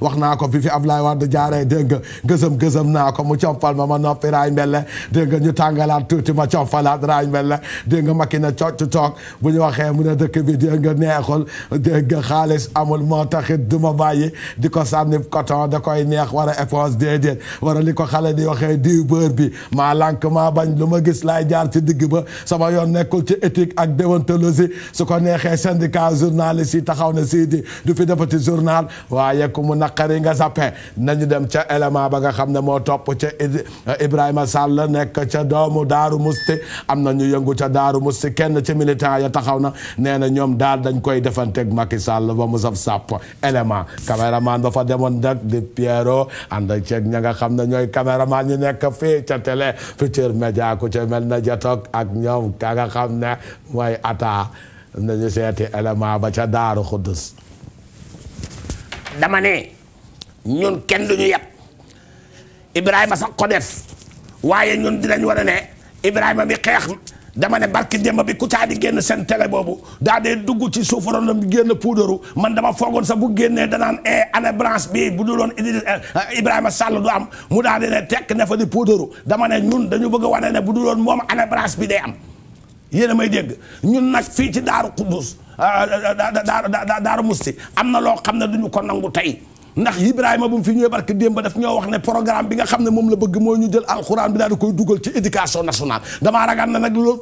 wax naa ko bi fi Ablaye Wade jaaree dégg nga gësëm gësëm naa ko mu compal ma ma noppi raay mbelle dégg nga ñu tàngalaat tuuti ma compalaat raay mbelle dégg nga makki na cocc toog bu ñu waxee mu ne dëkk bi dégg nga neexul dégg nga xaalis amul moo taxit du ma bàyyi di ko sànni coton da koy neex war a éponge déedéet war li ko xale di waxee di bër bi ma lànk ma bañ lu ma gis laay jaar ci digg ba sama yoon nekkul ci éthique ak déontologie su ko neexee syndicat journaliste yi taxaw na sii du fi defati journal naqari nga zappe nañu dem ca élément ba nga xam ne moo topp ca eh, Ibrahima Sall nekk ca doomu Daaru Musti am na ñu yëngu ca Daaru Musti kenn ci militant ya taxaw na nee na ñoom daal dañ koy defanteeg maki Sall ba mu saf sàpp élément caméraman ba fa demoon nag di Pierrot ànd ak ceeg ña nga xam ne ñooy caméraman ñu nekk fii ca télé Futurs Médias ku ca mel na jatoog ak ñoom ka nga xam ne mooy ata nañu seeti élément ba ca Daaru Xuddus dama ne ñun kenn ñu yab Ibrahima sax ko waaye ñun dinañ war a ne Ibrahima bi xeex dama ne barki démb bi ku caa di génn seen tele boobu daa dee dugg ci suufu ronam génn puudaru man dama foogoon sax bu génnee danaan e année blanche bu du loon eh, Ibrahima Sall du am mu daa dee ne tekk ne fa di puudaru dama ne ñun dañu bëgg a wane ne bu du loon moom année blanche bi day am yéen a may dégg ñun nag fii ci Daaru Xuddus Ah, ah, ah, daaru musti am na loo xam ne duñu ko nangu tey ndax Ibrahima bu mu fi ñëwee barke démb daf ñoo wax ne programme bi nga xam ne moom la bëgg moo ñu jël alxuraan bi daal di koy dugal ci éducation nationale damaa ragal na nag loolu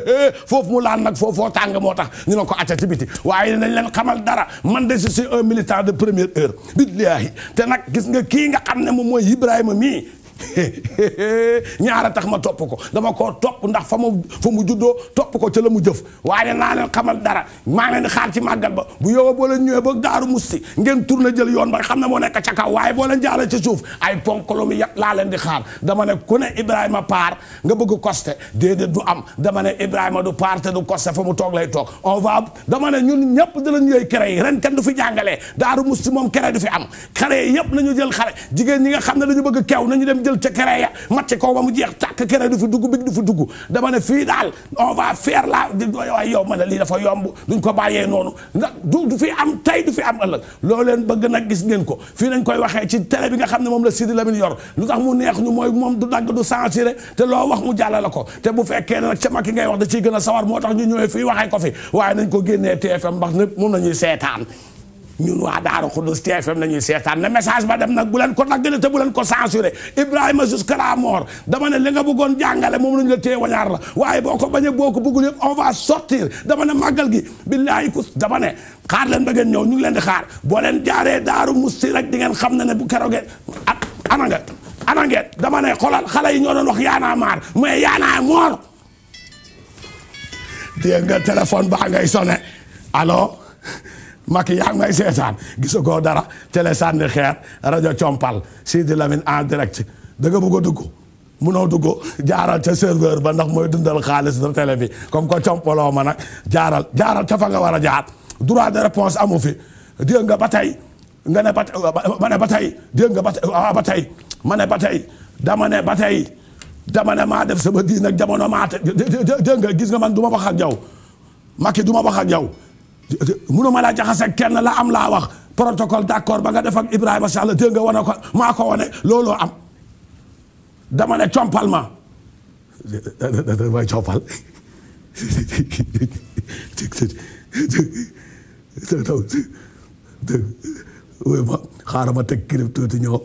foofu mu laan nag foofoo tàng moo tax ñu ne ko acca ci biti waaye nañ leen xamal dara man de je suis un militant de première heure billaahi te nag gis nga kii nga xam ne moom mooy Ibrahima mii ñaar a tax ma topp ko dama koo topp ndax fa mu fa mu juddoo topp ko ca la mu jëf waaye naa leen xamal dara maa leen xaar ci màggal ba bu yow boo leen ñëwee ba daaru musti ngeen tourné jël yoon ba xam ne moo nekk ca kaw boo leen jaaree ci suuf ay ponkolo laa leen di xaar dama ne ku ne Ibrahima Paar nga bëgg costé déedéet du am dama ne Ibrahima du Paar te du costé fa mu toog lay toog on va dama ne ñun ñëpp dinañ yooyu kere yi ren kenn du fi jàngalee daaru musti moom kere du fi am kere yëpp nañu jël xale jigéen ñi nga xam ne dañu bëgg kew nañu dem jël ca kere ya màcc ko ba mu jeex tàkk kere du fi dugg big du fi dugg dama fii daal on va faire la waaye yow ma ne lii dafa yomb duñ ko bàyyee noonu ndax du du fi am tey du fi am ëllëg loo leen bëgg nag gis ngeen ko fii lañ koy waxee ci télé bi nga xam ne moom la Sidi Lamine yor lu tax mu neex ñu mooy moom du dagg du censuré te loo wax mu jàlla ko te bu fekkee ne nag ca mag ki ngay wax da ciy gën a sawar moo tax ñu ñëwee fii waxee ko fi waaye nañ ko génnee TFM mbax moom la ñuy seetaan ñun waa Daaru Xuddus TFM la ñuy seetaan na message ba dem nag bu leen ko nag a te bu leen ko censuré Ibrahima jusqu'à la mort dama ne li nga bëggoon jàngale moom lañu la téye wañaar la waaye boo ko bañee boo ko bëggul yëpp on va sortir dama ne màggal gi billaahi kus dama ne xaar leen ba ngeen ñëw ñu ngi leen di xaar boo leen jaaree Daaru Musti rek di ngeen xam ne ne bu keroogee ak ah ana nga ana ngeen dama ne xale yi ñoo doon wax yaanaa maar mais yaanaa moor dégg nga téléphone baa ngay sonné allo Macky yaa ngi may seetaan koo dara tele sànni xeer rajo compal Sidi Lamine en direct da nga bëgg a dugg munoo dugg jaaral ca serveur ba ndax mooy dundal xaalis na télé bi comme que compaloo ma nag jaaral jaaral ca fa nga war a jaar droit de réponse amu fi dégg nga ba tey nga ne ba ma ba tey dégg nga ba tey ma ne ba tey dama ne ba tey dama ne maa def sama diin ak jamono maa dégg nga gis nga man du ma wax ak yow Macky du ma wax ak yow mënu ma laa jaxase kenn la am laa wax protocole d'accord ba nga def ak Ibrahima Sall dégg nga wane ko maa ko wane looloo am dama ne compal ma damay compal xaaral ma teg kilif tuuti ñëw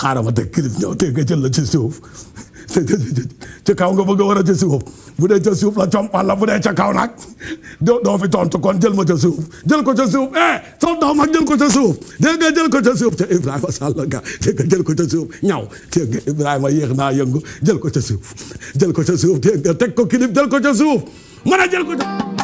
xaaral ma teg kilif ñëw te nga jël la ci suuf ci kaw nga bëgg a war a ca suuf bu dee ca suuf la compal la bu dee ca kaw nag doo doo fi tontu kon jël ma ca suuf jël ko ca suuf eh soldat mag jël ko ca suuf dégg nga jël ko ca suuf ca a Sall ga dégg nga jël ko ca suuf ñaw dégg nga Ibrahima yéex naa yëngu jël ko ca suuf jël ko ca suuf dégg nga teg ko kilib jël ko ca suuf mën a jël ko ca